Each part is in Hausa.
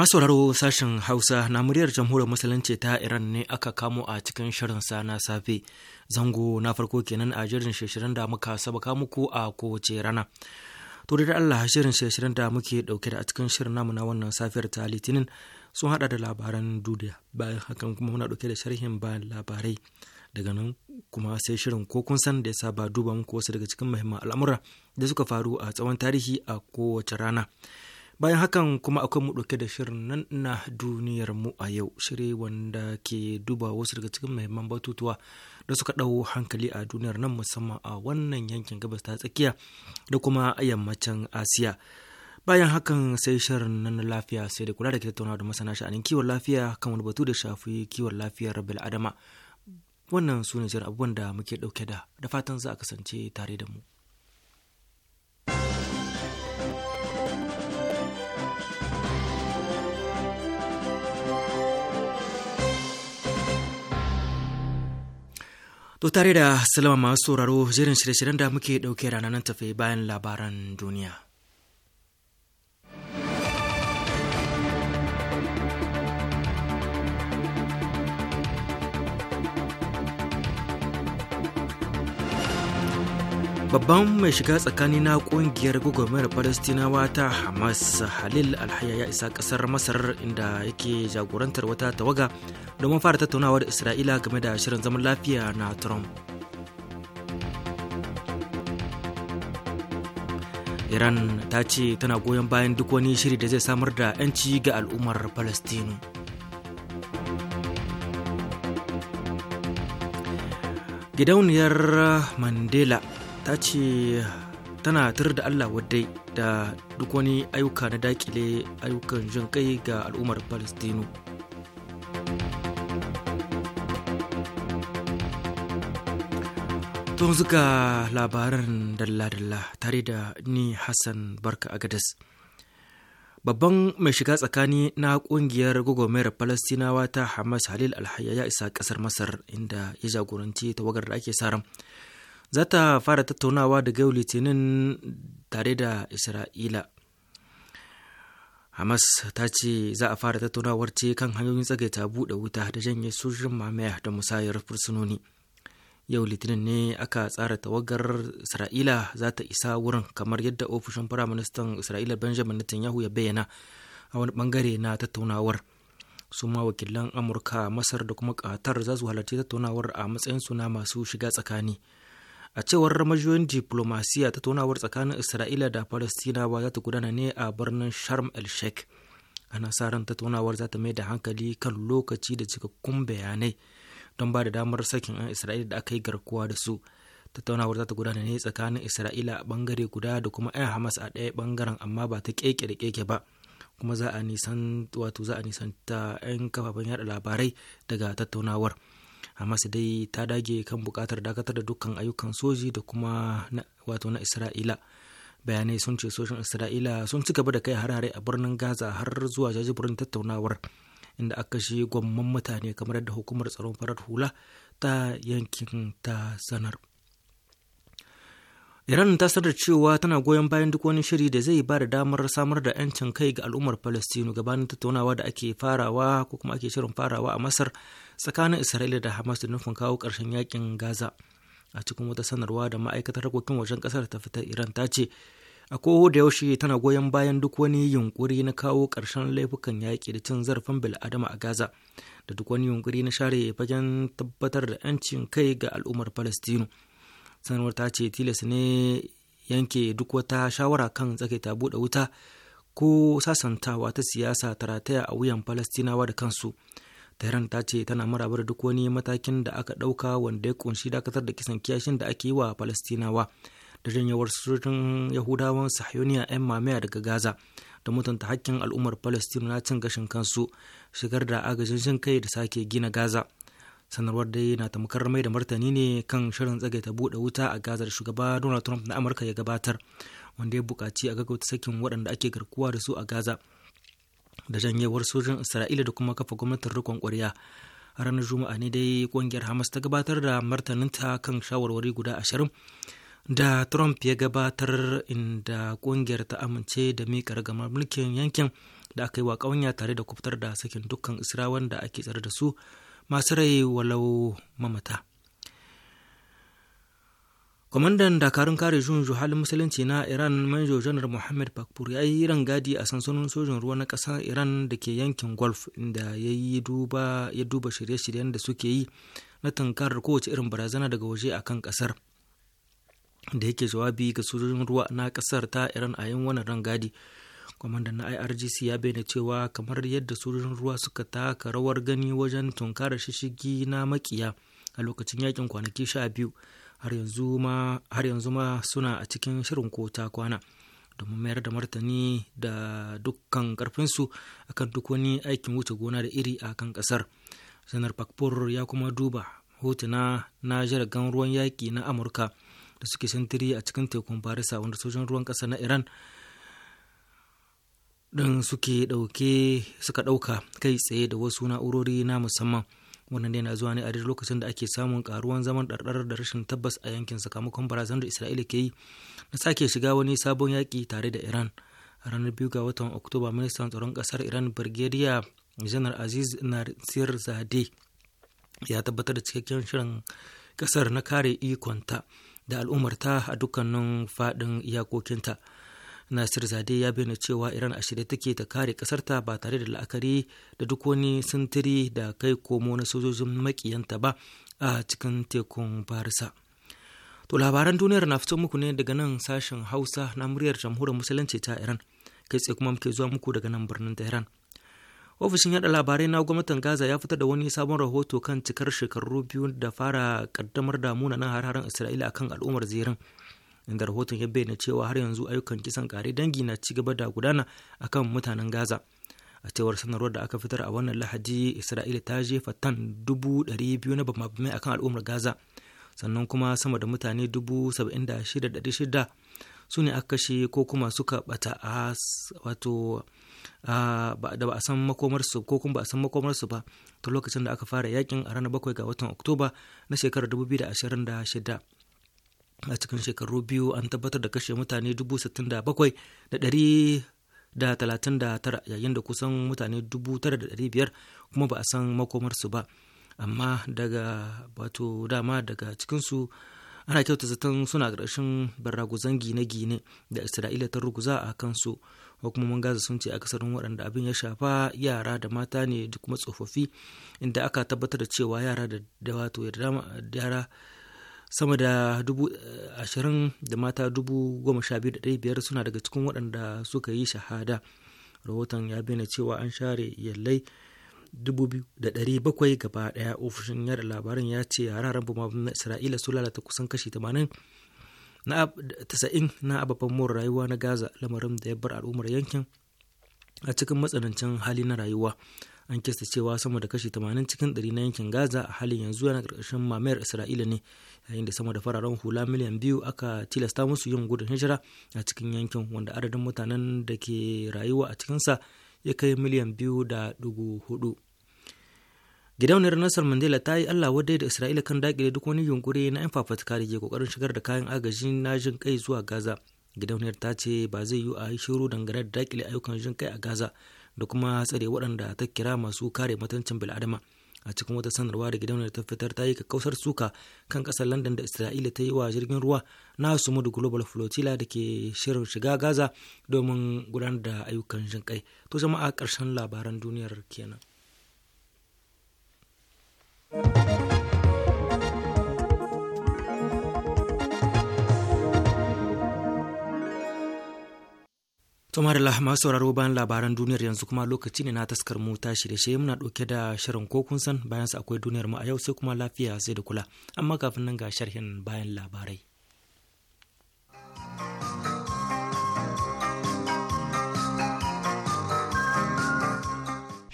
Masu sauraro sashen Hausa na muryar jamhuriyar musulunci ta Iran ne aka kamo a cikin shirin sa na safe. Zango na farko kenan a jirin shirin da muka sabaka muku a kowace rana. To da Allah shirin shirin da muke dauke da a cikin shirin namu na wannan safiyar ta Litinin sun hada da labaran duniya bayan hakan kuma muna dauke da sharhin bayan labarai daga nan kuma sai shirin ko kun san da ya saba duba muku wasu daga cikin muhimman al'amura da suka faru a tsawon tarihi a kowace rana. bayan hakan kuma akwai mu dauke da shirin nan na duniyar mu a yau shiri wanda ke duba wasu daga cikin mahimman batutuwa da suka ɗau hankali a duniyar nan musamman a wannan yankin gabas ta tsakiya da kuma yammacin asiya bayan hakan sai shirin nan na lafiya sai da kula da ke tattaunawa da masana sha'anin kiwon lafiya kan wani batu da shafi kiwon lafiyar bil'adama wannan su ne shirin abubuwan da muke dauke da da fatan za a kasance tare da mu. To tare da salama masu sauraro jerin shirye-shiryen da muke ɗauke ranar tafe bayan labaran duniya. babban mai shiga tsakani na kungiyar gwagwarmayar falastinawa ta hamas halil alhaya ya isa kasar masar inda yake jagorantar wata tawaga domin fara tattaunawa da isra'ila game da shirin zaman lafiya na trump iran ta ce tana goyon bayan duk wani shiri da zai samar da 'yanci ga al'ummar palestinu gidauniyar mandela ta ce tana tur da Allah wadai da duk wani ayyuka na dakile ayyukan jin kai ga al'ummar Palestino. Tun suka labaran dalla-dalla tare da ni Hassan Barka Agadas. Babban mai shiga tsakani na kungiyar gwagwarmayar palestinawa ta Hamas Halil Alhaya ya isa kasar Masar inda ya jagoranci tawagar da ake sa za ta fara tattaunawa daga yau litinin tare da isra'ila hamas ta ce za a fara tattaunawar ce kan hanyoyin tsagaita buɗe wuta da janye sojin mamaya da musayar fursunoni yau litinin ne aka tsara tawagar isra'ila za ta isa wurin kamar yadda ofishin firaministan isra'ila benjamin netanyahu ya bayyana a wani bangare na tattaunawar su ma wakilan amurka masar da kuma qatar za su halarci tattaunawar a matsayinsu na masu shiga tsakani a cewar ramajiyoyin diplomasiya tattaunawar tsakanin isra'ila da ba za ta gudana ne a birnin sharm el sheikh ana sa ran tattaunawar za ta mai da hankali kan lokaci da cikakkun bayanai don ba da damar sakin 'yan isra'ila da aka yi garkuwa da su tattaunawar za ta gudana ne tsakanin isra'ila a bangare guda da kuma 'yan hamas a ɗaya bangaren amma ba ta keke da keke ba kuma za a nisan wato za a ta 'yan kafafen yada labarai daga tattaunawar hamas dai ta dage kan bukatar dakatar da dukkan ayyukan soji da kuma wato na isra'ila bayanai sun ce sojin isra'ila sun ci gaba da kai harare a birnin gaza har zuwa jajibirin tattaunawar inda aka kashe gwamman mutane kamar yadda hukumar tsaron farar hula ta yankin ta sanar Iran ta sanar cewa tana goyon bayan duk wani shiri da zai ba da damar samar da 'yancin kai ga al'ummar Falastinu gabanin tattaunawa da ake farawa ko kuma ake shirin farawa a Masar tsakanin isra'ila da hamas da nufin kawo ƙarshen yakin gaza a cikin wata sanarwa da ma'aikatar harkokin wajen ƙasar ta fita iran ta ce a koho da yaushe tana goyon bayan duk wani yunkuri na kawo ƙarshen laifukan yaƙi da cin zarafin bil'adama a gaza da duk wani yunkuri na share fagen tabbatar da 'yancin kai ga al'ummar palestino sanarwar ta ce tilas ne yanke duk wata shawara kan tsake ta buɗe wuta ko sasantawa ta siyasa ta rataya a wuyan falastinawa da kansu Tehran ta ce tana maraba da duk wani matakin da aka ɗauka wanda ya kunshi dakatar da kisan kiyashin da ake yi wa Falastinawa da janyawar sojojin Yahudawan Sahiyoniya 'yan mamaya daga Gaza da mutunta hakkin al'ummar Falastinu na cin gashin kansu shigar da agajin jin kai da sake gina Gaza. Sanarwar dai na tamkar mai da martani ne kan shirin tsagaita buɗe wuta a Gaza da shugaba Donald Trump na Amurka ya gabatar wanda ya buƙaci a gaggauta sakin waɗanda ake garkuwa da su a Gaza. da janyewar sojin isra'ila da kuma kafa gwamnatin rikon ƙwarya ranar juma'a ne dai ƙungiyar hamas ta gabatar da martaninta kan shawarwari guda ashirin da trump ya gabatar inda ƙungiyar ta amince da miƙa ragamar mulkin yankin da aka yi wa ƙawanya tare da kuftar da sakin dukkan isra'awan da ake tsare da su masu rai walau mamata kwamandan dakarun kare juyin halin musulunci na iran manjo janar muhammad bakbur ya yi rangadi a sansanin sojin ruwa na ƙasar iran da ke yankin golf inda ya yi duba ya duba shirye-shiryen da suke yi na tankarar kowace irin barazana daga waje a kan ƙasar da yake jawabi ga sojin ruwa na ƙasar ta iran a yin wannan rangadi kwamandan na irgc ya bayyana cewa kamar yadda sojin ruwa suka taka rawar gani wajen tunkarar shishigi na makiya a lokacin yakin kwanaki sha biyu har yanzu ma suna a cikin shirin ko ta kwana domin mayar da martani da dukkan karfinsu akan duk wani aikin wuce gona da iri a kan kasar sanar pakpur ya kuma duba hotuna na jiragen ruwan yaƙi na amurka da suke sintiri a cikin tekun farisa wanda sojan ruwan ƙasa na iran din suke ɗauke suka ɗauka kai tsaye da wasu na'urori na musamman wannan dai na zuwa ne a duk lokacin da ake samun karuwan zaman ɗarɗarar da rashin tabbas a yankin sakamakon barazan da isra'ila ke yi na sake shiga wani sabon yaƙi tare da iran a ranar biyu ga watan oktoba ministan tsaron kasar iran birgeria janar aziz nasir zade ya tabbatar da cikakken shirin kasar na kare ikonta da al'ummarta a dukkanin faɗin iyakokinta nasir zade ya bayyana cewa iran a shirye take ta kare kasarta ba tare da la'akari da duk wani sintiri da kai komo na sojojin makiyanta ba a cikin tekun farisa to labaran duniyar na fito muku ne daga nan sashen hausa na muryar jamhuriyar musulunci ta iran kai tsaye kuma muke zuwa muku daga nan birnin tehran ofishin yada labarai na gwamnatin gaza ya fitar da wani sabon rahoto kan cikar shekaru biyu da fara kaddamar da munanan har-haren isra'ila akan al'ummar zirin inda rahoton ya bayyana cewa har yanzu ayyukan kisan kare dangi na ci gaba da gudana akan mutanen gaza a cewar sanarwar da aka fitar a wannan lahadi isra'ila ta jefa tan dubu ɗari biyu na bamabamai akan al'ummar gaza sannan kuma sama da mutane dubu saba'in da shida su ne aka kashe ko kuma suka bata a wato da ba a san makomarsu ko kuma ba a san makomarsu ba ta lokacin da aka fara yakin a ranar bakwai ga watan oktoba na shekarar 2026 a cikin shekaru biyu an tabbatar da kashe mutane 67,139 yayin da kusan mutane 9,500 kuma ba a san makomarsu ba amma daga wato dama daga cikinsu ana kyauta zaton suna ƙarshen baraguzan gine-gine da isra'ila ta ruguza a kansu mun gaza sun ce akasarin waɗanda abin ya shafa yara da mata ne da kuma tsofaffi inda aka tabbatar da cewa yara da wato yara sama da dubu eh, ashirin da mata dubu goma sha biyu da ɗari biyar suna daga cikin waɗanda suka yi shahada rahoton ya bayyana cewa an share yallai dubu biyu da ɗari bakwai gaba ɗaya ofishin yada labarin ya ce yararen bumabin na isra'ila su lalata kusan kashi tamanin na tasa'in na ababen more rayuwa na gaza lamarin da ya bar al'ummar yankin a cikin matsanancin hali na rayuwa an kista cewa sama da kashi tamanin cikin ɗari na yankin gaza a halin yanzu yana ƙarƙashin mamayar isra'ila ne yayin da sama da fararen hula miliyan biyu aka tilasta musu yin gudun hijira a cikin yankin wanda adadin mutanen da ke rayuwa a cikinsa ya kai miliyan biyu da dugu hudu gidauniyar nasar mandela ta yi allah wadai da isra'ila kan dakile duk wani yunkuri na yan fafatuka da ke kokarin shigar da kayan agaji na jin kai zuwa gaza gidauniyar ta ce ba zai yiwu a yi shiru dangane da dakile ayyukan jin kai a gaza da kuma tsare waɗanda ta kira masu kare matancin bil'adama a cikin wata sanarwa da gidauniyar ta fitar ta yi kakkausar suka kan kasar london da isra'ila ta yi wa jirgin ruwa na sumud global flotilla da ke shirin shiga gaza domin gudanar da ayyukan jin kai to jama'a karshen labaran duniyar kenan Tsoma da masu sauraro bayan labaran duniyar yanzu kuma lokaci ne na taskar mu ta shirye shirye muna ɗauke da shirin ko kun san bayan sa akwai duniyar mu a yau sai kuma lafiya sai da kula amma kafin nan ga sharhin bayan labarai.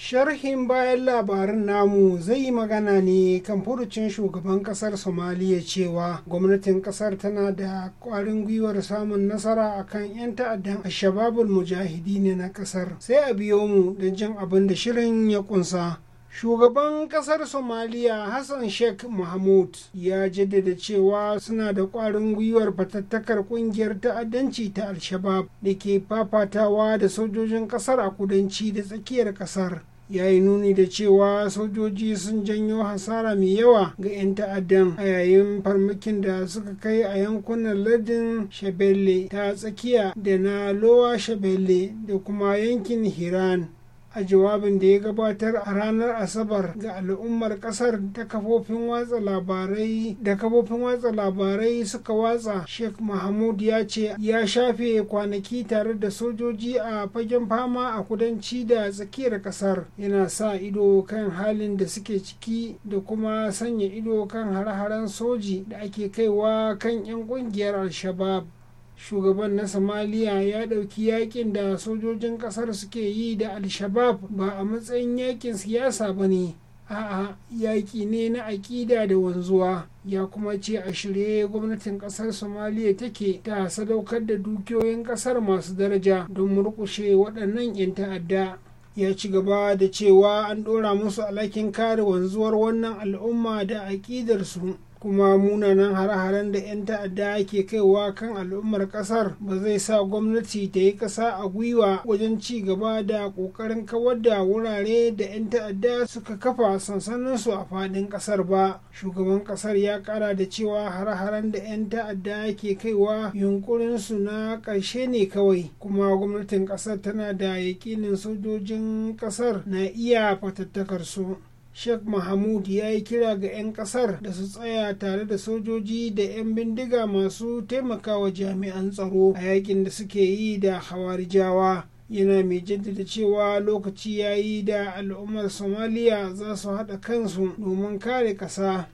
sharhin bayan labarin namu zai yi magana ne kan furucin shugaban kasar somaliya cewa gwamnatin kasar tana da kwarin gwiwar samun nasara akan 'yan ta'addan shababul mujahidi ne na kasar sai a biyo mu don jin abin da shirin ya kunsa shugaban kasar somaliya hassan sheikh mahmud ya jaddada cewa suna da kwarin gwiwar fatattakar kungiyar ta'addanci ta al-shabab da ke fafatawa da sojojin kasar a kudanci da tsakiyar kasar ya yi nuni da cewa sojoji sun janyo hasara mai yawa ga 'yan ta'addan a yayin farmakin da suka kai a yankunan lardin shabelle ta tsakiya da na lowa shabelle da kuma yankin hiran a jawabin da ya gabatar a ranar asabar ga al'ummar kasar ta kafofin watsa labarai da kafofin watsa labarai suka watsa sheikh mahmud ya ce ya shafe kwanaki tare da sojoji a fagen fama a kudanci da tsakiyar kasar yana sa ido kan halin da suke ciki da kuma sanya ido kan hare-haren soji da ake kaiwa kan 'yan kungiyar al-shabab shugaban na somaliya ya ɗauki yakin da sojojin ƙasar suke yi da al-shabab ba a matsayin yakin siyasa ba ne a'a yaƙi ne na aƙida da wanzuwa ya kuma ce a shirye gwamnatin ƙasar somaliya take ta sadaukar da dukiyoyin ƙasar masu daraja don murƙushe waɗannan 'yan ta'adda ya ci gaba da cewa an ɗora musu alhakin kare wanzuwar wannan al'umma da aƙidarsu kuma munanan hare-haren da 'yan ta'adda ke kaiwa kan al'ummar kasar ba zai sa gwamnati ta yi kasa a gwiwa wajen ci gaba da ƙoƙarin kawar da wurare da 'yan ta'adda suka kafa sansaninsu a fadin kasar ba shugaban kasar ya ƙara da cewa hare-haren da 'yan ta'adda ke kaiwa yunƙurinsu na ƙarshe ne kawai kuma gwamnatin kasar tana da yakinin sojojin kasar na iya fatattakar su Sheikh Mahmud ya yi kira ga 'yan kasar da su tsaya tare da sojoji da 'yan bindiga masu taimakawa jami'an tsaro a yakin da suke yi da hawarijawa. yana mai jaddada cewa lokaci ya yi da al'ummar somaliya za su haɗa kansu domin kare ƙasa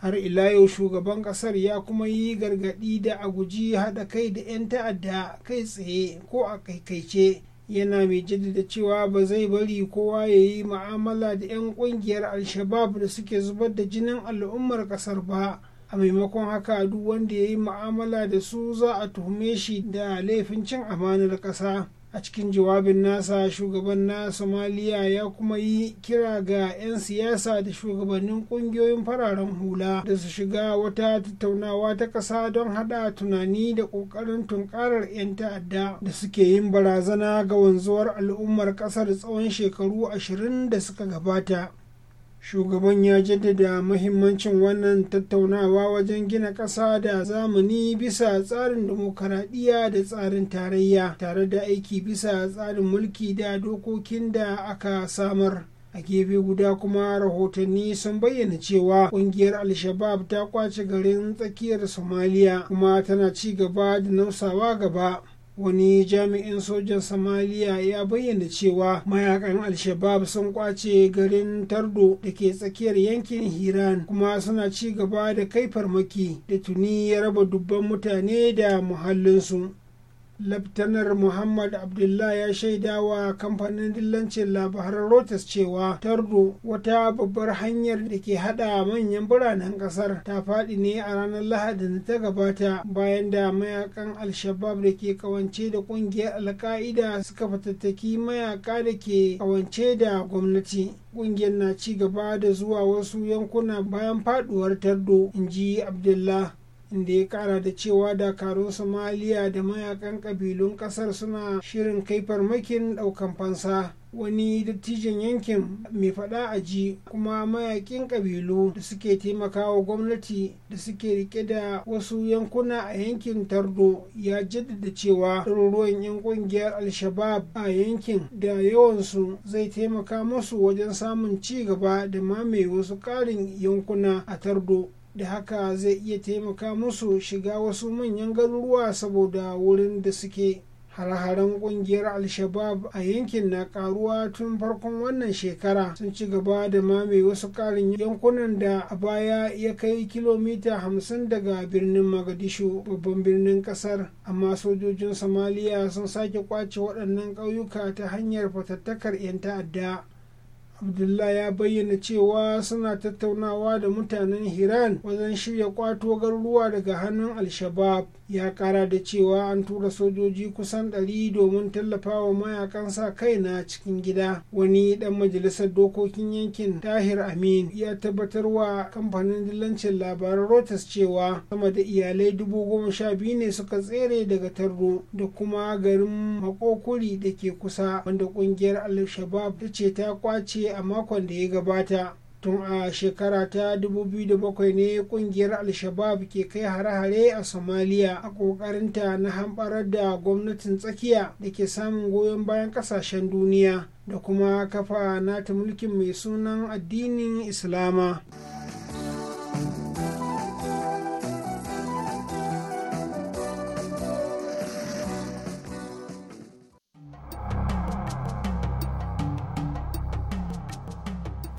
har ila yau shugaban ƙasar ya kuma yi gargaɗi da a guji haɗa kai da 'yan ta'adda kai tsaye ko a kaikaice yana mai jaddada cewa ba zai bari kowa ya yi ma'amala da 'yan kungiyar al-shabab da suke zubar da jinin al'ummar kasar ba a maimakon haka duk wanda ya yi ma'amala da su za a tuhume shi da laifin cin amanar ƙasa a cikin jawabin nasa shugaban na somaliya ya kuma yi kira ga 'yan siyasa da shugabannin kungiyoyin fararen hula da su shiga wata tattaunawa ta ƙasa don hada tunani da ƙoƙarin tunkarar 'yan ta'adda da suke yin barazana ga wanzuwar al'ummar ƙasar tsawon shekaru ashirin da suka gabata shugaban ya jaddada mahimmancin wannan tattaunawa wajen gina ƙasa da zamani bisa tsarin demokaradiyya da tsarin tarayya tare da aiki bisa tsarin mulki da dokokin da aka samar a gefe guda kuma rahotanni sun bayyana cewa kungiyar al-shabab ta kwace garin tsakiyar somaliya kuma tana ci gaba da nausawa gaba wani jami'in sojan somaliya ya bayyana cewa mayakan al-shabab sun kwace garin tardo da ke tsakiyar yankin hiran kuma suna ci gaba da kai farmaki da tuni ya raba dubban mutane da muhallinsu laftanar muhammad Abdullahi ya shaida wa kamfanin dillancin labaran rotas cewa tardo wata babbar hanyar da ke hada manyan biranen kasar ta faɗi ne a ranar lahadin da ta gabata bayan da mayakan al-shabab da ke kawance da kungiyar alka'ida suka fatattaki mayaka da ke kawance da gwamnati kungiyar na ci gaba da zuwa wasu yankuna bayan faduwar tardo in ji abdullah inda ya kara da cewa dakarun somaliya da mayakan kabilun kasar suna shirin kai farmakin daukan fansa wani dattijan yankin mai fada a ji kuma mayakin kabilu da suke taimakawa gwamnati da suke rike da wasu yankuna a yankin tardo ya jaddada cewa ɗaruruwan 'yan ƙungiyar al-shabab a yankin da yawansu zai taimaka musu wajen samun ci gaba da mamaye wasu ƙarin yankuna a tardo da haka zai iya taimaka musu shiga wasu manyan garuruwa saboda wurin da suke hare-haren kungiyar al-shabab a yankin na karuwa tun farkon wannan shekara sun ci gaba da mame wasu karin yankunan da a baya ya kai kilomita hamsin daga birnin magadishu babban birnin kasar amma sojojin somaliya sun sake kwace waɗannan ƙauyuka ta hanyar fatattakar 'yan ta'adda abdullah ya bayyana cewa suna tattaunawa da mutanen hiran wajen shirya kwato garuruwa daga hannun al ya kara da cewa an tura sojoji kusan ɗari domin tallafawa mayakan sa kai na cikin gida wani dan majalisar dokokin yankin tahir amin ya tabbatar wa kamfanin dillancin labaran rotas cewa sama da iyalai dubu goma sha biyu ne suka tsere daga tarro da kuma garin makokuri da ke kusa wanda kungiyar al-shabab ta ce ta kwace a makon da ya gabata tun a shekara ta 2007 ne kungiyar al-shabab ke kai hare-hare a somaliya a kokarinta na hamɓarar da gwamnatin tsakiya da ke samun goyon bayan ƙasashen duniya da kuma kafa nata mulkin mai sunan addinin islama.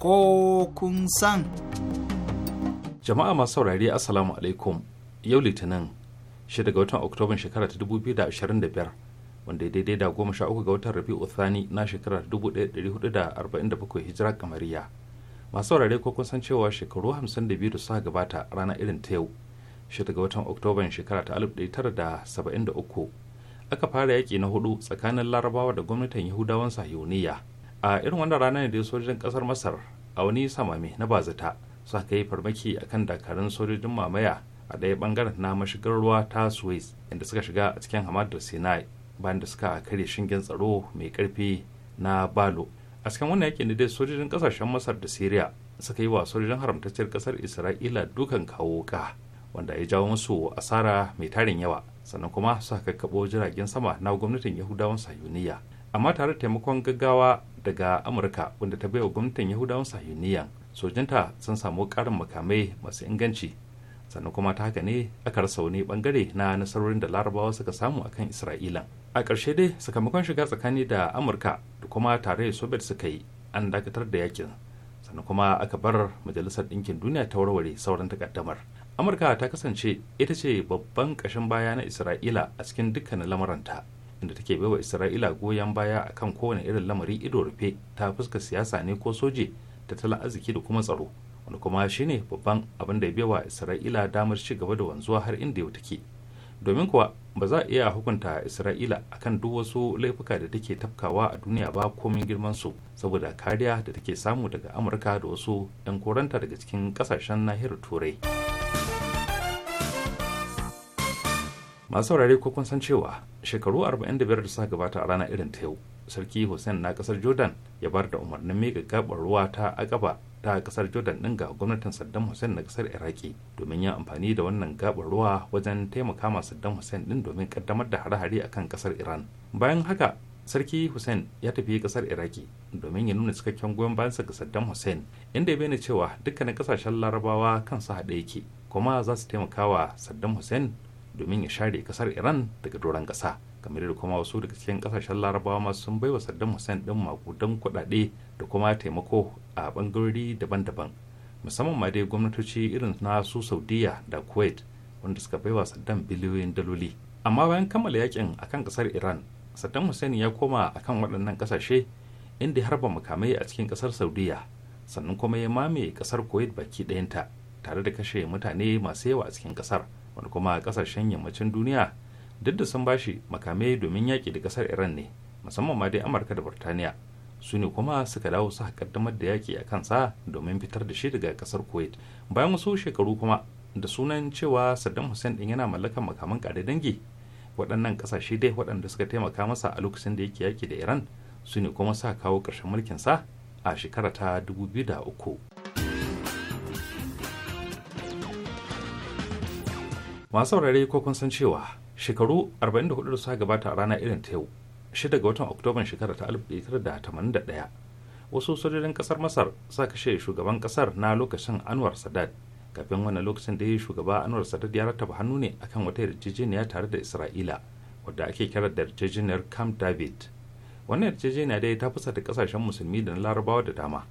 ko kun san. Jama'a masu saurari Assalamu alaikum yau Litinin shida ga watan Oktoban shekara ta 2025 wanda ya daidai da goma sha uku ga watan Rabi'u Uthani na shekara ta 1447 hijira kamariya. Masu saurari ko kun san cewa shekaru 52 da suka gabata rana irin ta yau shida ga watan Oktoban shekara ta 1973 aka fara yaƙi na hudu tsakanin larabawa da gwamnatin yahudawan sahiyoniya a irin wannan rana ne da sojojin kasar masar a wani samami na bazata su ka yi farmaki a kan dakarun sojojin mamaya a ɗaya bangaren na mashigar ruwa ta suez inda suka shiga a cikin hamadar sinai bayan da suka karya shingen tsaro mai karfi na balo a cikin wannan yakin da dai sojojin kasashen masar da syria suka yi wa sojojin haramtacciyar kasar isra'ila dukan kawo ka wanda ya jawo musu asara mai tarin yawa sannan kuma suka kakkaɓo jiragen sama na gwamnatin yahudawan sayuniya amma tare da taimakon gaggawa daga amurka wanda ta bai wa gwamnatin yahudawan sahiyuniyan sojanta sun samu karin makamai masu inganci sannan kuma ta haka ne aka rasa wani bangare na nasarorin da larabawa suka samu akan isra'ila a ƙarshe dai sakamakon shiga tsakani da amurka da kuma tarayyar soviet suka yi an dakatar da yakin sannan kuma aka bar majalisar ɗinkin duniya ta warware sauran takaddamar amurka ta kasance ita ce babban ƙashin baya na isra'ila a cikin dukkanin lamuranta inda take baiwa isra'ila goyon baya a kan kowane irin lamari ido rufe ta fuska siyasa ne ko soji tattalin arziki da kuma tsaro wanda kuma shine babban abin da ya baiwa isra'ila damar ci gaba da wanzuwa har inda yau take domin kuwa ba za a iya hukunta isra'ila akan duk wasu laifuka da take tafkawa a duniya ba komin girman su saboda kariya da take samu daga amurka da wasu 'yan koranta daga cikin kasashen nahiyar turai masu saurari ko kun san cewa shekaru 45 da suka gabata a rana irin ta yau sarki hussein na kasar jordan ya bar da umarnin mai gabar ruwa ta agaba ta kasar jordan din ga gwamnatin saddam hussein na kasar iraki domin yin amfani da wannan gabar ruwa wajen taimaka ma saddam hussein din domin kaddamar da hare-hare akan kasar iran bayan haka sarki hussein ya tafi kasar iraki domin ya nuna cikakken goyon bayansa ga saddam hussein inda ya bayyana cewa dukkanin kasashen larabawa kan kansu haɗe yake kuma za su taimaka wa saddam hussein domin ya share kasar iran daga doron kasa kamar da kuma wasu daga cikin kasashen larabawa masu sun baiwa saddam hussein din makudan kuɗaɗe da kuma taimako a bangarori daban-daban musamman ma dai gwamnatoci irin na su saudiya da kuwait wanda suka baiwa saddam biliyoyin daloli amma bayan kammala yakin akan kasar iran saddam hussein ya koma akan waɗannan kasashe inda ya harba makamai a cikin kasar saudiya sannan kuma ya mame kasar kuwait baki ɗayanta tare da kashe mutane masu yawa a cikin kasar wani kuma kasashen yammacin duniya duk da sun bashi makamai domin yaƙi da ƙasar iran ne musamman ma dai amurka da burtaniya su ne kuma suka dawo su kaddamar da yaƙi a kansa domin fitar da shi daga ƙasar kuwait bayan wasu shekaru kuma da sunan cewa saddam hussein din yana mallakar makaman ƙare dangi waɗannan ƙasashe dai waɗanda suka taimaka masa a lokacin da yake yaƙi da iran su ne kuma suka kawo ƙarshen mulkinsa a shekara ta 2003 masu saurare ko kun san cewa shekaru 44 da suka gabata a rana irin ta yau 6 ga watan oktoban shekarar ta 1981 wasu sojojin kasar masar sa kashe shugaban kasar na lokacin anwar sadad kafin wannan lokacin da ya shugaba anwar sadad ya rattaba hannu ne akan wata yarjejeniya tare da isra'ila wadda ake kira da yarjejeniyar camp david wannan yarjejeniya dai ta da kasashen musulmi da na larabawa da dama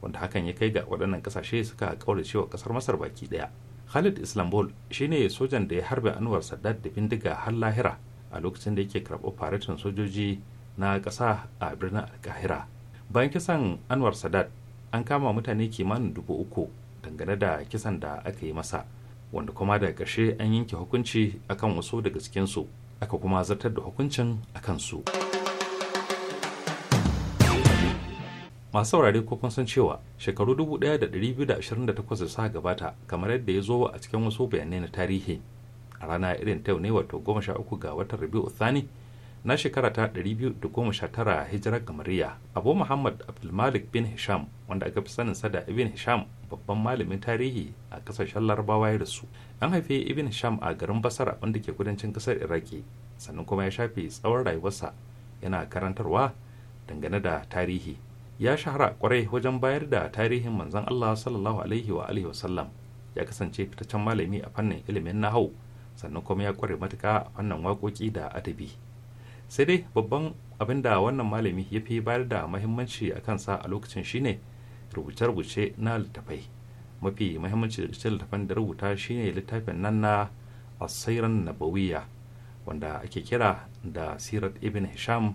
wanda hakan ya kai ga waɗannan kasashe suka kaurace wa kasar masar baki ɗaya khalid islambol shine sojan da ya harbe anwar sadat da bindiga har lahira a lokacin da yake karɓar faratin sojoji na ƙasa a birnin alkahira bayan kisan anwar sadat an kama mutane kimanin dubu uku dangane da kisan da aka yi masa wanda kuma da ƙarshe an yanke hukunci akan wasu daga cikinsu aka kuma zartar da hukuncin akan su. masu saurare ko kun san cewa shekaru 1228 da suka gabata kamar yadda ya zo a cikin wasu bayanai na tarihi a rana irin ta ne wato 13 ga watan rabi'u thani na shekara ta 219 hijirar gamariya abu muhammad abdulmalik bin hisham wanda aka fi sanin sa da ibn hisham babban malamin tarihi a kasashen larabawa ya rasu an haife ibn hisham a garin basara wanda ke kudancin kasar iraki sannan kuma ya shafe tsawon rayuwarsa yana karantarwa dangane da tarihi ya shahara kwarai wajen bayar da tarihin manzon Allah sallallahu alaihi wa alihi wasallam ya kasance fitaccen malami a fannin ilimin nahau sannan kuma ya kware matuka a fannin waƙoƙi da adabi sai dai babban abin da wannan malami ya fi bayar da mahimmanci a kansa a lokacin shine rubuce-rubuce na littafai mafi mahimmanci rubuce littafan da rubuta shine littafin nan na asiran nabawiya wanda ake kira da sirat ibn hisham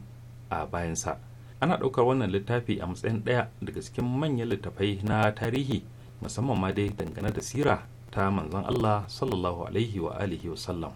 a bayansa ana ɗaukar wannan littafi a matsayin ɗaya daga cikin manyan littafai na tarihi musamman ma dai dangane da sira ta manzon Allah sallallahu alaihi wa alihi wa sallam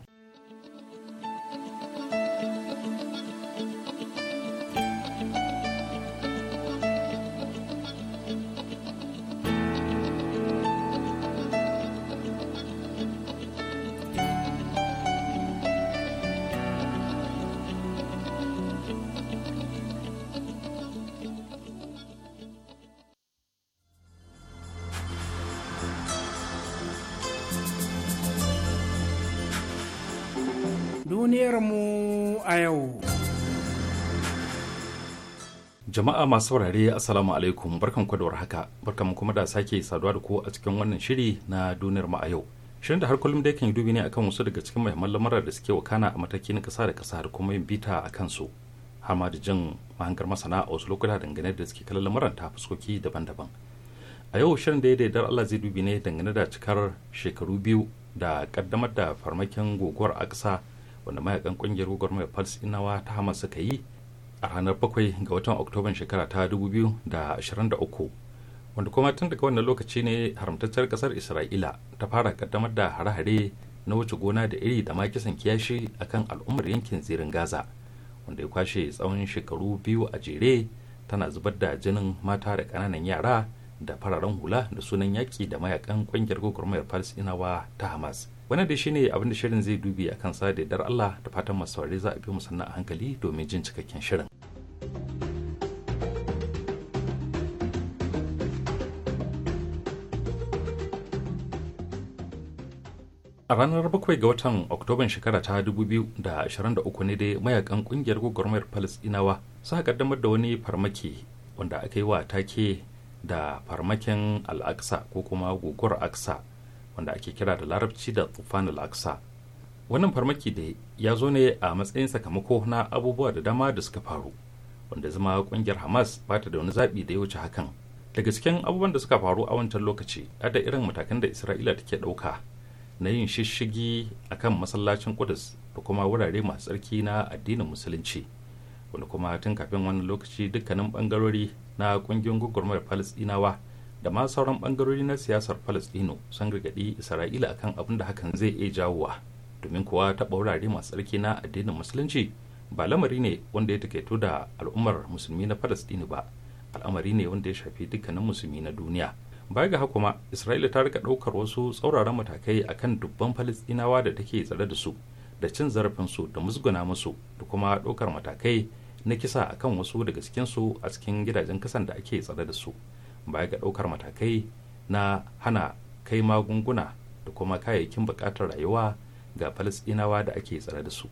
Jama'a masu saurare Assalamu alaikum barkan kwadawar haka barkan kuma da sake saduwa da ku a cikin wannan shiri na duniyar mu a yau. Shirin da har kullum da yakan yi dubi ne akan wasu daga cikin muhimman lamarar da suke wakana a mataki na kasa da kasa da kuma yin bita a kansu. Har ma da jin mahangar masana a wasu lokuta dangane da suke kallon lamarin ta fuskoki daban-daban. A yau shirin da ya daidar Allah zai dubi ne dangane da cikar shekaru biyu da kaddamar da farmakin guguwar aksa wanda mayakan kungiyar guguwar mai Pulse Inawa ta Hamas suka yi a ranar 7 ga watan oktoban shekara ta 2023 wanda kuma tun daga wannan lokaci ne haramtacciyar kasar isra'ila ta fara kaddamar da hare-hare na wuce gona da iri da makisan kisan a kan al'ummar yankin zirin gaza wanda ya kwashe tsawon shekaru biyu a jere tana zubar da jinin mata da ƙananan yara da fararen hula da sunan yaƙi da mayakan ƙungiyar gwagwarmayar palestinawa ta hamas wannan dai shine abin da shirin zai dubi akan sada da dar Allah da fatan masu saurare za a bi mu a hankali domin jin cikakken shirin. A ranar bakwai ga watan Oktoban shekara ta 2023 ne dai mayakan kungiyar gwagwarmayar Falasɗinawa suka kaddamar da wani farmaki wanda aka yi wa take da farmakin al'aksa ko kuma guguwar aksa wanda ake kira da larabci da tufan wannan farmaki da ya zo ne a matsayin sakamako na abubuwa da dama da suka faru wanda zama kungiyar hamas ba ta da wani zaɓi da ya wuce hakan daga cikin abubuwan da suka faru a wancan lokaci da irin matakan da isra'ila take ɗauka na yin shishigi akan masallacin kudus da kuma wurare masu tsarki na addinin musulunci wanda kuma tun kafin wannan lokaci dukkanin bangarori na kungiyar gwagwarmayar Falasɗinawa. da ma sauran bangarori na siyasar palestino sun gargaɗi isra'ila akan abin da hakan zai iya jawowa domin kuwa taɓa wurare masu tsarki na addinin musulunci ba lamari ne wanda ya takaito da al'ummar musulmi na palestino ba al'amari ne wanda ya shafi dukkanin musulmi na duniya baya ga hakuma ma isra'ila ta rika ɗaukar wasu tsauraran matakai akan dubban palestinawa da take tsare da su da cin zarafinsu da musguna musu da kuma ɗaukar matakai na kisa akan wasu daga su a cikin gidajen kasan da ake tsare da su baya ga ɗaukar matakai na hana kai magunguna da kuma kayayyakin buƙatar rayuwa ga falasɗinawa da ake tsare da su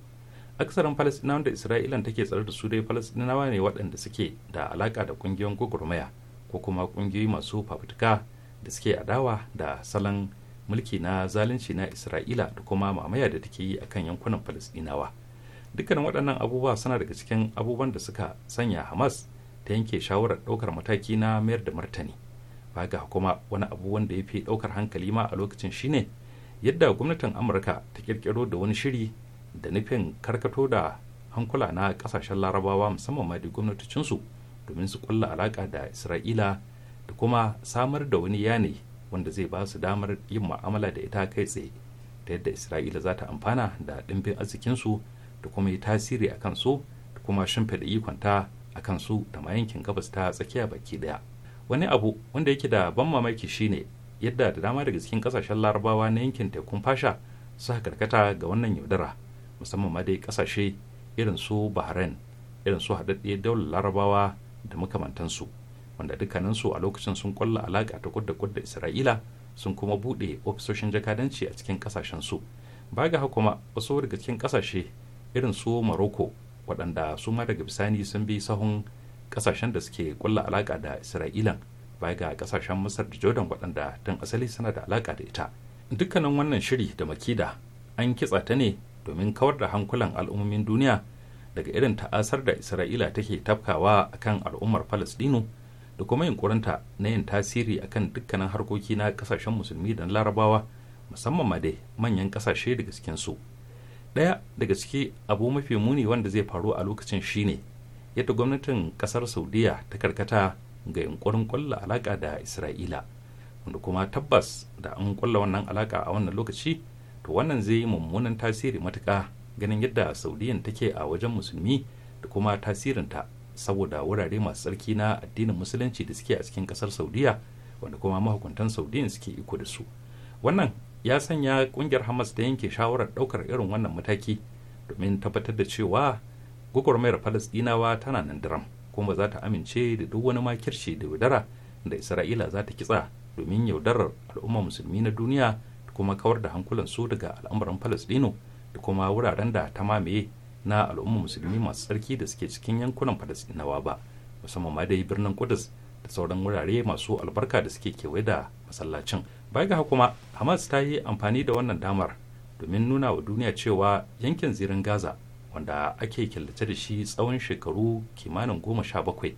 aksarin falasɗinawa da isra'ilan take tsare da su dai falasɗinawa ne waɗanda suke da alaƙa da ƙungiyoyin gwagwarmaya ko kuma ƙungiyoyi masu fafutuka da suke adawa da salon mulki na zalunci na isra'ila da kuma mamaya da take yi akan yankunan falasɗinawa dukkanin waɗannan abubuwa suna daga cikin abubuwan da suka sanya hamas ta yanke shawarar ɗaukar mataki na mayar da martani ba ga kuma wani abu wanda ya fi ɗaukar hankali ma a lokacin shine yadda gwamnatin amurka ta ƙirƙiro da wani shiri da nufin karkato da hankula na ƙasashen larabawa musamman ma da gwamnatocinsu domin su kulla alaka da isra'ila da kuma samar da wani yane wanda zai ba su damar yin mu'amala da ita kai tsaye ta yadda isra'ila za ta amfana da ɗimbin arzikinsu da kuma yi tasiri a kansu da kuma shimfiɗa ikonta a kan da ma yankin gabas ta tsakiya baki daya wani abu wanda yake da ban mamaki shine yadda da dama daga cikin kasashen larabawa na yankin tekun fasha suka karkata ga wannan yaudara musamman ma dai kasashe irin su bahrain irin su haɗaɗɗiyar daular larabawa da makamantansu wanda dukkaninsu a lokacin sun kwalla alaƙa ta kudda kudda isra'ila sun kuma buɗe ofisoshin jakadanci a cikin kasashen su ba ga kuma wasu daga cikin kasashe irin su morocco waɗanda su ma daga bisani sun bi sahun kasashen da suke kulla alaka da isra'ilan baya ga ƙasashen masar da jordan waɗanda tun asali suna da alaka da ita dukkanin wannan shiri da makida an kitsa ta ne domin kawar da hankulan al'ummomin duniya daga irin ta'asar da isra'ila take tafkawa akan al'ummar palestino da kuma yunkurinta na yin tasiri akan dukkanin harkoki na kasashen musulmi da larabawa musamman ma dai manyan kasashe daga cikinsu su daya daga ciki abu mafi muni wanda zai faru a lokacin shine yadda gwamnatin kasar saudiya ta karkata ga yunkurin kwalla alaka da isra'ila wanda kuma tabbas da an ƙwalla wannan alaka a wannan lokaci to wannan zai yi mummunan tasiri matuka ganin yadda saudiyan take a wajen musulmi da kuma tasirinta saboda wurare masu tsarki na addinin musulunci da suke a cikin kasar saudiya wanda kuma mahukuntan saudiyan suke iko da su wannan ya sanya kungiyar hamas ta yanke shawarar daukar irin wannan mataki domin tabbatar da cewa gwagwarmayar falasdinawa tana nan daram kuma za ta amince da duk wani makirci da yaudara da isra'ila za ta kitsa domin yaudarar al'umma musulmi na duniya da kuma kawar da hankulan su daga al'amuran falasdino da kuma wuraren da ta mamaye na al'umma musulmi masu tsarki da suke cikin yankunan falasdinawa ba musamman ma dai birnin kudus da sauran wurare masu albarka da suke kewaye da masallacin bai ga kuma hamas ta yi amfani da wannan damar domin nuna wa duniya cewa yankin zirin gaza wanda ake killace da shi tsawon shekaru kimanin goma sha bakwai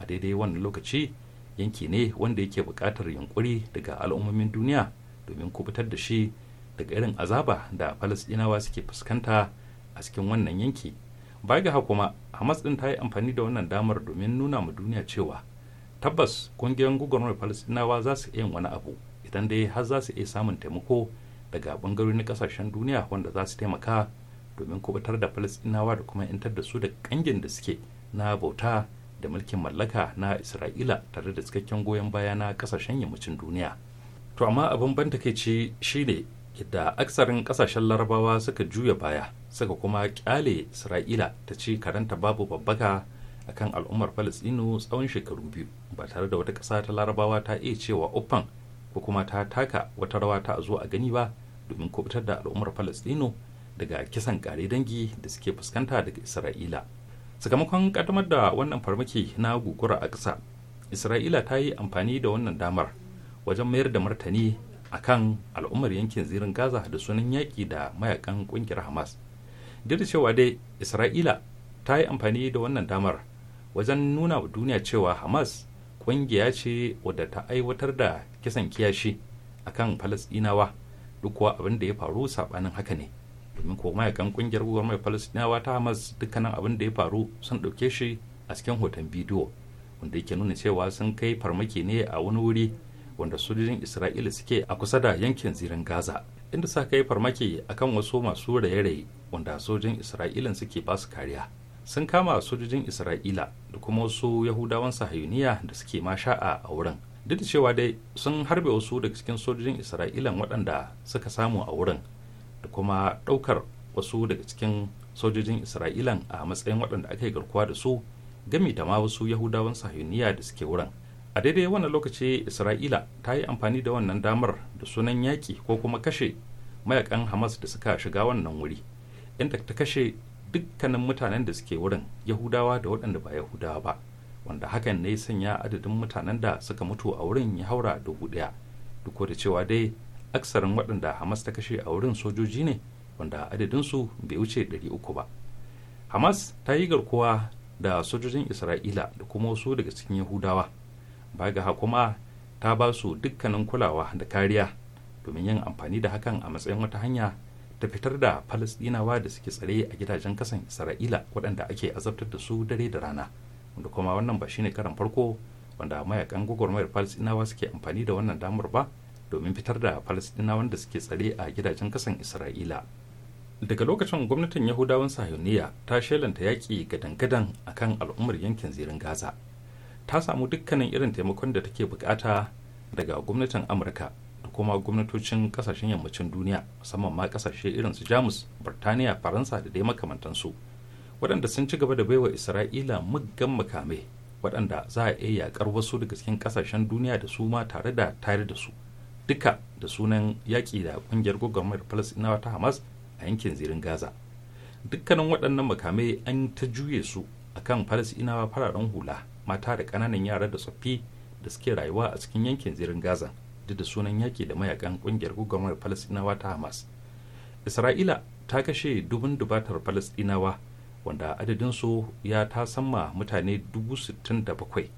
a daidai wannan lokaci yanki ne wanda yake buƙatar yunkuri daga al'ummomin duniya domin kubutar da shi daga irin azaba da falasɗinawa suke fuskanta a cikin wannan yanki bai ga kuma hamas ɗin ta yi amfani da wannan damar domin nuna ma duniya cewa tabbas ƙungiyar gugunar falasɗinawa za su iya wani abu idan dai har za su iya samun taimako daga bangarorin kasashen duniya wanda za su taimaka domin kubutar da falasɗinawa da kuma 'yantar da su da kangin da suke na bauta da mulkin mallaka na isra'ila tare da cikakken goyon baya na kasashen yammacin duniya to amma abin ban takaici shine da aksarin kasashen larabawa suka juya baya suka kuma kyale isra'ila ta ci karanta babu babbaka akan al'ummar falasɗinu tsawon shekaru biyu ba tare da wata kasa ta larabawa ta iya cewa uffan ko kuma ta taka wata rawa ta zo a gani ba domin kubutar da al'ummar falastino daga kisan kare dangi da suke fuskanta daga isra'ila sakamakon kaddamar da wannan farmaki na gugura a ƙasa isra'ila ta yi amfani da wannan damar wajen mayar da martani a kan al'ummar yankin zirin gaza da sunan yaƙi da mayakan ƙungiyar hamas duk da cewa dai isra'ila ta yi amfani da wannan damar wajen nuna wa duniya cewa hamas ƙungiya ce wadda ta aiwatar da kisan kiyashi a kan falasɗinawa duk kuwa abin da ya faru saɓanin haka ne domin ko kan ƙungiyar mai falasdinawa ta hamas dukkanin abin da ya faru sun ɗauke shi a cikin hoton bidiyo wanda yake nuna cewa sun kai farmaki ne a wani wuri wanda sojojin isra'ila suke a kusa da yankin zirin gaza inda sa kai farmaki akan wasu masu raye-raye wanda sojojin isra'ilan suke ba su kariya sun kama sojojin isra'ila da kuma wasu yahudawan sahayuniya da suke sha'a a wurin duk da cewa dai sun harbe wasu daga cikin sojojin isra'ila waɗanda suka samu a wurin da kuma ɗaukar wasu daga cikin sojojin isra'ilan a matsayin waɗanda aka yi garkuwa da su gami da ma wasu yahudawan sahayuniya da suke wurin a daidai wannan lokaci isra'ila ta yi amfani da wannan damar da sunan yaƙi ko kuma kashe mayakan hamas da suka shiga wannan wuri inda ta kashe dukkanin mutanen da suke wurin yahudawa da waɗanda ba yahudawa ba wanda hakan ne sanya adadin mutanen da suka mutu a wurin ya haura dubu ɗaya duk da cewa dai aksarin waɗanda hamas ta kashe a wurin sojoji ne wanda adadinsu bai wuce ɗari uku ba hamas ta yi garkuwa da sojojin isra'ila da kuma wasu daga cikin yahudawa ba ga kuma ta ba su dukkanin kulawa da kariya domin yin amfani da hakan a matsayin wata hanya da fitar da falasdinawa da suke tsare a gidajen kasan isra'ila waɗanda ake azabtar da su dare da rana wanda kuma wannan ba shine karan farko wanda mayakan gwagwarmayar falasdinawa suke amfani da wannan damar ba domin fitar da falasdinawan da suke tsare a gidajen kasan isra'ila daga lokacin gwamnatin yahudawan sahiyoniya ta shelanta yaƙi gadan-gadan kan al'ummar yankin zirin gaza ta samu dukkanin irin taimakon da take bukata daga gwamnatin amurka kuma gwamnatocin kasashen yammacin duniya musamman ma kasashe irin su jamus birtaniya faransa da dai makamantansu waɗanda sun ci gaba da baiwa isra'ila muggan makamai waɗanda za a iya yaƙar wasu daga cikin kasashen duniya da su ma tare da tare da su duka da sunan yaƙi da ƙungiyar gwagwarmayar falasɗinawa ta hamas a yankin zirin gaza dukkanin waɗannan makamai an ta juye su akan falasɗinawa fararen hula mata da ƙananan yara da tsoffi da suke rayuwa a cikin yankin zirin gaza duk da sunan yaƙi da mayakan ƙungiyar gugamar falastinawa ta hamas isra'ila ta kashe dubun dubatar falasɗinawa wanda adadinsu ya ta samma mutane dubu sittin da bakwai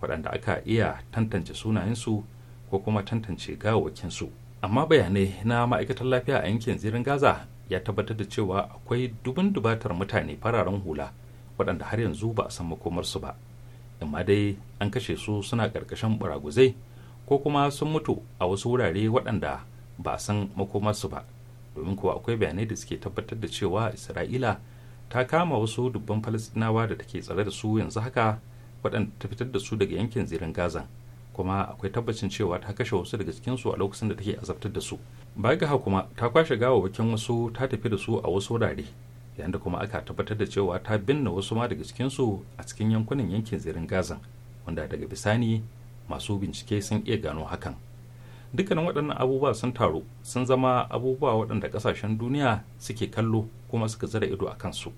waɗanda aka iya tantance sunayensu ko kuma tantance gawakinsu amma bayanai na ma'aikatar lafiya a yankin zirin gaza ya tabbatar da cewa akwai dubun dubatar mutane fararen hula waɗanda har yanzu ba a san makomarsu ba amma dai an kashe su suna ƙarƙashin baraguzai ko kuma sun mutu a wasu wurare waɗanda ba a san makomarsu ba domin kuwa akwai bayanai da suke tabbatar da cewa isra'ila ta kama wasu dubban falastinawa da take tsare da su yanzu haka waɗanda ta fitar da su daga yankin zirin gazan kuma akwai tabbacin cewa ta kashe wasu daga cikinsu a lokacin da take azabtar da su ba ga kuma ta kwashe gawawwakin wasu ta tafi da su a wasu wurare yayin da kuma aka tabbatar da cewa ta binne wasu ma daga cikinsu a cikin yankunan yankin zirin gazan wanda daga bisani masu bincike sun iya gano hakan dukkanin waɗannan abubuwa sun taru sun zama abubuwa waɗanda ƙasashen duniya suke kallo kuma suka zara ido a kansu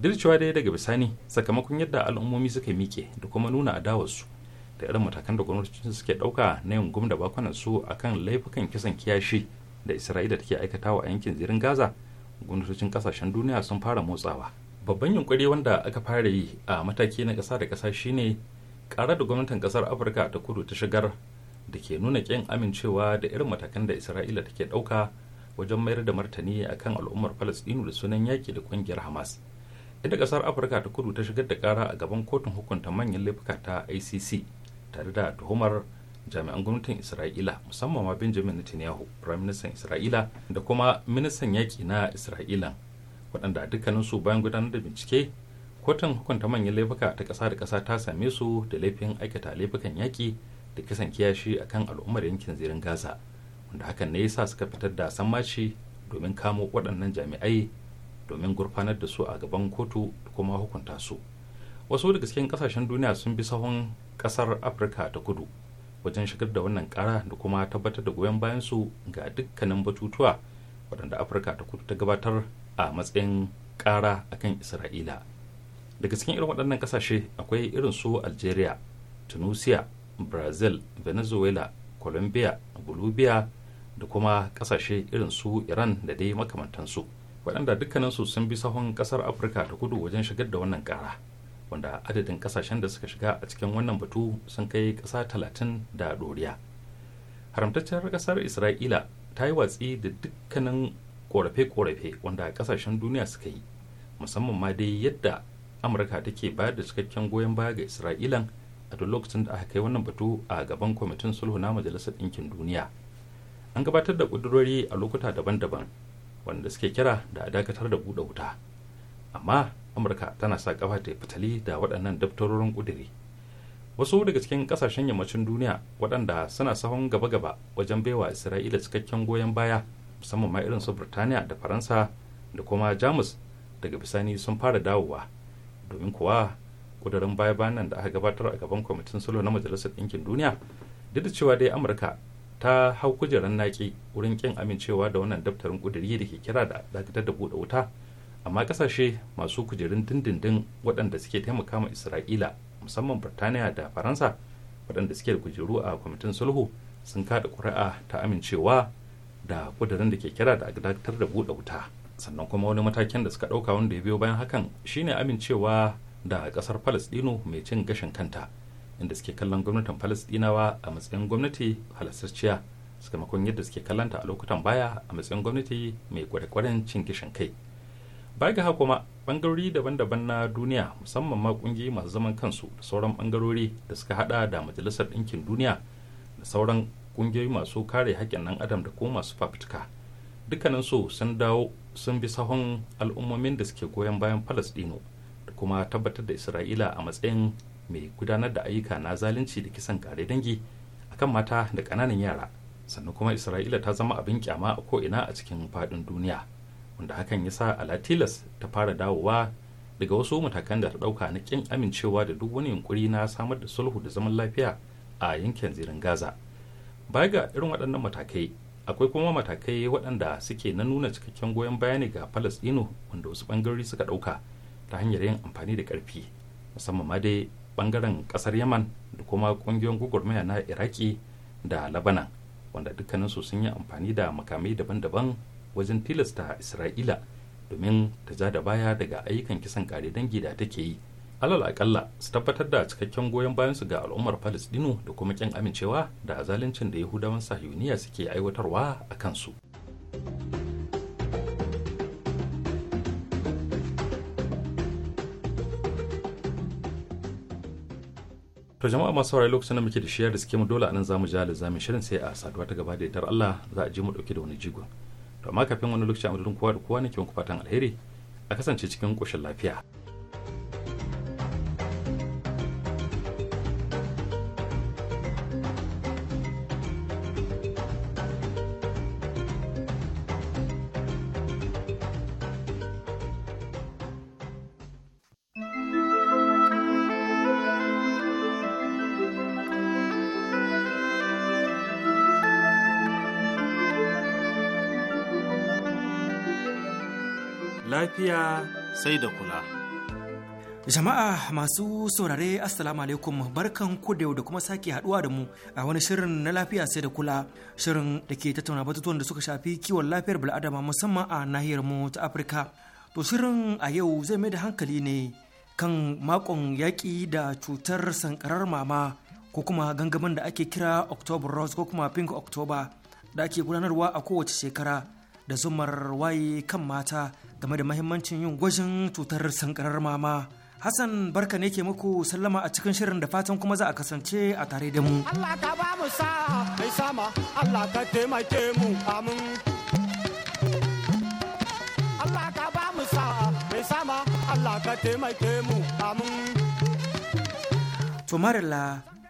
dircewa dai daga bisani sakamakon yadda al'ummomi suka miƙe da kuma nuna adawarsu da irin matakan da gwamnatocin suke ɗauka na yin gum da bakunan su akan laifukan kisan kiyashi da isra'ila take aikatawa a yankin zirin gaza gwamnatocin ƙasashen duniya sun fara motsawa babban yunkuri wanda aka fara yi a mataki na ƙasa da ƙasa shine ƙara da gwamnatin ƙasar afirka ta kudu ta shigar da ke nuna ƙin amincewa da irin matakan da isra'ila take ɗauka wajen mayar da martani a kan al'ummar falastinu da sunan yaƙi da ƙungiyar hamas inda ƙasar afirka ta kudu ta shigar da ƙara a gaban kotun hukunta manyan laifuka ta icc tare da tuhumar jami'an gwamnatin isra'ila musamman ma benjamin netanyahu firaministan isra'ila da kuma ministan yaƙi na isra'ila waɗanda dukkaninsu bayan gudanar da bincike kotun hukunta manyan laifuka ta ƙasa da ƙasa ta same su da laifin aikata laifukan yaƙi da kisan kiyashi a kan al'ummar yankin zirin gaza wanda hakan ne sa suka fitar da sammaci domin kamo waɗannan jami'ai domin gurfanar da su a gaban kotu da kuma hukunta su wasu daga cikin ƙasashen duniya sun bi sahun ƙasar afirka ta kudu wajen shigar da wannan ƙara da kuma tabbatar da goyon bayan su ga dukkanin batutuwa waɗanda afirka ta kudu ta gabatar a matsayin ƙara akan isra'ila daga cikin irin waɗannan kasashe akwai irin su algeria tunisia brazil venezuela colombia bolivia da kuma kasashe irin su iran da dai makamantansu waɗanda dukkaninsu sun bi sahun ƙasar afirka ta kudu wajen shigar da wannan ƙara wanda adadin ƙasashen da suka shiga a cikin wannan batu sun kai ƙasa talatin da ɗoriya haramtacciyar ƙasar isra'ila ta yi watsi da dukkanin ƙorafe-ƙorafe wanda ƙasashen duniya suka yi musamman ma dai yadda amurka take bayar da cikakken goyon baya ga isra'ilan a duk lokacin da aka kai wannan batu a gaban kwamitin sulhu na majalisar ɗinkin duniya an gabatar da ƙudurori a lokuta daban-daban wanda suke kira da a dakatar da buɗe wuta amma amurka tana sa kafa ta fitali da waɗannan daftarorin ƙudiri wasu daga cikin ƙasashen yammacin duniya waɗanda suna sahun gaba-gaba wajen baiwa isra'ila cikakken goyon baya musamman ma irin su burtaniya da faransa da kuma jamus daga bisani sun fara dawowa domin kuwa kudurin baya bayanan da aka gabatar a gaban kwamitin sulhu na majalisar ɗinkin duniya duk da cewa dai amurka ta hau kujerar naki wurin kin amincewa da wannan daftarin kuduri da ke kira da dakatar da buɗe wuta amma kasashe masu kujerun dindindin waɗanda suke taimaka ma isra'ila musamman birtaniya da faransa waɗanda suke da kujeru a kwamitin sulhu sun kada ƙuri'a ta amincewa da kudurin da ke kira da dakatar da buɗe wuta sannan kuma wani matakin da suka ɗauka wanda ya biyo bayan hakan shine amincewa da ƙasar palestino mai cin gashin kanta inda suke kallon gwamnatin palestinawa a matsayin gwamnati halastarciya sakamakon yadda suke ta a lokutan baya a matsayin gwamnati mai kwarekwaren cin gashin kai baya ga kuma bangarori daban-daban na duniya musamman ma kungiyoyi masu zaman kansu da sauran bangarori da suka haɗa da majalisar ɗinkin duniya da sauran kungiyoyi masu kare haƙƙin ɗan adam da kuma masu fafutuka dukkanin su sun dawo sun bi sahun al'ummomin da suke goyon bayan palestino da kuma tabbatar da isra'ila a matsayin mai gudanar da ayyuka na zalunci da kisan kare dangi a kan mata da ƙananan yara sannan kuma isra'ila ta zama abin kyama a ko'ina a cikin faɗin duniya wanda hakan ya sa alatilas ta fara dawowa daga wasu matakan da ta ɗauka na ƙin amincewa da duk wani yunkuri na samar da sulhu da zaman lafiya a yankin zirin gaza baya ga irin waɗannan matakai akwai kuma matakai waɗanda suke na nuna cikakken goyon baya ne ga falasɗinu wanda wasu ɓangarori suka ɗauka ta hanyar yin amfani da ƙarfi musamman ma dai ɓangaren ƙasar yaman da kuma ƙungiyoyin gwagwarmaya na iraki da labanan wanda su sun yi amfani da makamai daban-daban wajen tilasta isra'ila domin ta ja da baya daga ayyukan kisan ƙare dangi da take yi alal akalla su tabbatar da cikakken goyon bayansu ga al'ummar palestino da kuma kin amincewa da azalincin da yahudawan sahiyuniya suke aiwatarwa a kansu to jama'a masu saurari lokacin da muke da shiyar da suke mu dole anan zamu ja lizamin shirin sai a saduwa ta gaba da itar Allah za a je mu dauke da wani jigon to amma kafin wani lokaci a madadin kowa da kowa nake muku fatan alheri a kasance cikin koshin lafiya lafiya sai da kula. Jama'a masu saurare Assalamu alaikum barkan ku da yau da kuma sake haduwa da mu a wani shirin na lafiya sai da kula shirin da ke tattauna batutuwan da suka shafi kiwon lafiyar bil'adama musamman a nahiyar mu ta Afirka. To shirin a yau zai mai da hankali ne kan makon yaƙi da cutar sankarar mama ko kuma gangamin da ake kira October Rose ko kuma Pink October da ake gudanarwa a kowace shekara da zumar waye kan mata game da mahimmancin yin gwajin cutar sankarar mama Hassan barka ne ke muku sallama a cikin shirin da fatan kuma za a kasance a tare da mu. Allah ka ba mu sa mai sama Allah ka taimake mu amin. Allah ka ba mu sa mai sama Allah ka taimake mu amin. To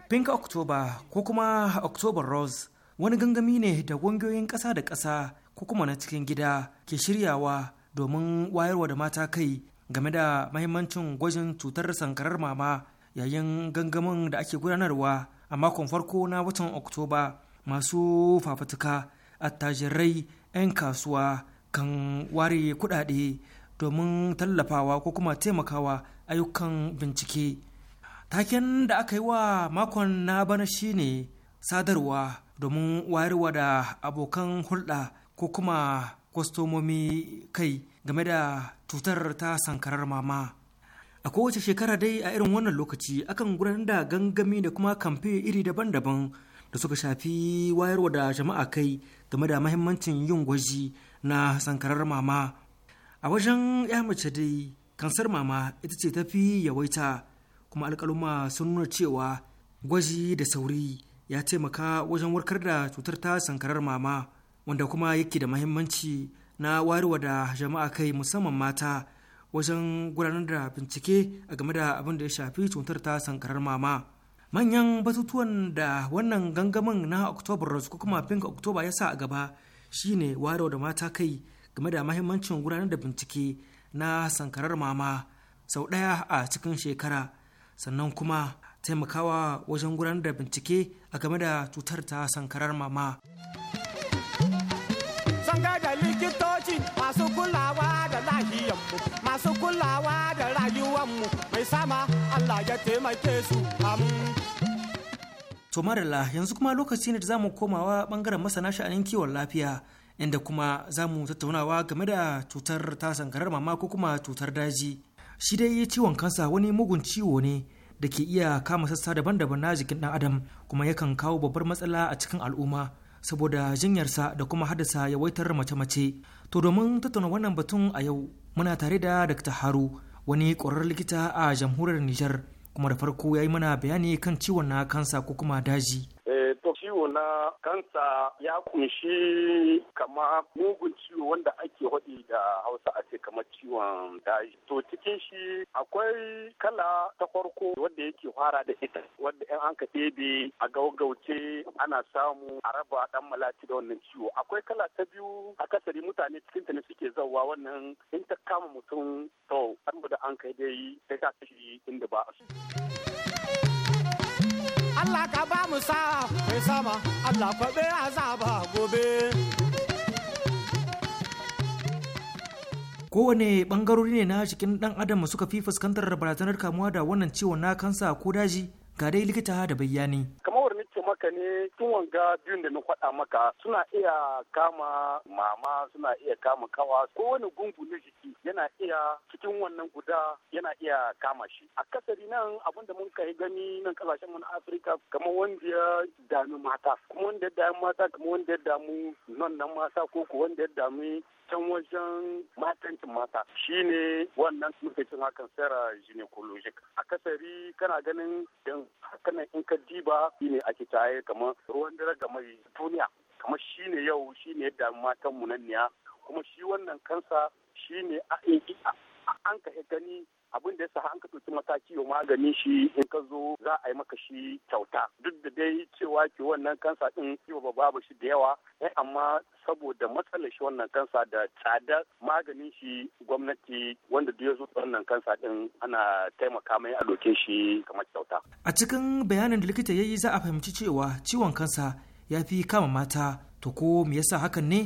Pink October ko kuma October Rose wani gangami ne da ƙungiyoyin kasa da kasa ko kuma na cikin gida ke shiryawa domin wayarwa da mata kai game da mahimmancin gwajin cutar sankarar mama yayin gangamin da ake gudanarwa a makon farko na watan oktoba masu fafatuka attajirai 'yan kasuwa kan ware kudade domin tallafawa ko kuma taimakawa ayyukan bincike taken da aka yi wa makon na bana shine sadarwa domin wayarwa da abokan hulɗa ko kuma kwastomomi kai game da cutar ta sankarar mama a kowace shekara dai a irin wannan lokaci akan gudanar da gangami da kuma kamfe iri daban-daban da suka shafi wayarwa da jama'a kai game da mahimmancin yin gwaji na sankarar mama a wajen ya mace dai kansar mama ita ce tafi yawaita kuma alkaluma sun nuna cewa gwaji da sauri ya taimaka wajen warkar da cutar ta sankarar mama wanda kuma yake da mahimmanci na warewa da jama'a kai musamman mata wajen gudanar da bincike a game da abin da ya shafi cutar ta sankarar mama manyan batutuwan da wannan gangamin na oktobar ko kuma pink oktoba ya sa a gaba shine warewa da mata kai game da mahimmancin gudanar da bincike na sankarar mama sau ɗaya a cikin shekara sannan kuma taimakawa wajen gudanar da bincike a game da cutar ta sankarar mama. sun da likitoci masu kulawa da lahiyanmu masu kulawa da rayuwanmu mai sama Allah ya taimake su To marala yanzu kuma lokaci ne da zamu komawa bangaren masana sha'anin kiwon lafiya inda kuma zamu tattaunawa game da cutar ta sankarar mama ko kuma cutar daji. Shi dai ciwon kansa wani mugun ciwo ne da ke iya kama sassa daban-daban na jikin ɗan adam kuma yakan kawo babbar matsala a cikin al'umma. saboda jinyarsa da kuma haddasa yawaitar mace-mace. To domin tattauna wannan batun a yau muna tare da Dr. Haru wani ƙwararren likita a jamhuriyar Nijar kuma da farko ya yi mana bayani kan ciwon na kansa ko kuma daji. ciwo na kansa ya kunshi kama mugun ciwo wanda ake haɗi da hausa a ce ciwon daji to cikin shi akwai kala ta farko wanda yake fara da ita wanda yan an ka ɗebe a gaugauce ana samu a raba dan malati da wannan ciwo akwai kala ta biyu akasari mutane cikin ta ne suke zawa wannan in ta kama mutum to an da an kai dai ta kashi inda ba a su. Allah ka ba mu sa mai sama Allah kwabe azaba gobe kowane bangarori ne na cikin dan adam suka fi fuskantar barazanar kamuwa da wannan ciwon na kansa ko daji ga dai likita da bayani maka ne tun wanga biyun da na faɗa maka suna iya kama mama suna iya kama kawa ko wani gungu na jiki yana iya cikin wannan guda yana iya kama shi akasari nan abin da mun kai gani nan kasashen mun afirka kamar wanda ya dami mata kuma wanda ya dami mata kamar wanda ya damu nan nan mata ko ko wanda ya dami can wajen matancin mata shine wannan muke cin hakan sera gynecologic kasari kana ganin don hakanan in ka diba shine ake taye kamar ruwan dare ga mai duniya kamar shine yau shine yadda matan mu nan kuma shi wannan kansa shine an ka gani abin da ya an ka ɗauki mataki wa maganin shi in ka zo za a yi maka shi kyauta duk da dai cewa ke wannan kansa ɗin kiwo ba babu shi da yawa eh, amma saboda matsalar shi wannan kansa da tsada maganin shi gwamnati wanda duk ya zo wannan kansa din ana taimaka mai a shi kamar kyauta. A cikin bayanin da likita ya yi za a fahimci cewa ciwon kansa ya fi kama mata to ko me yasa hakan ne?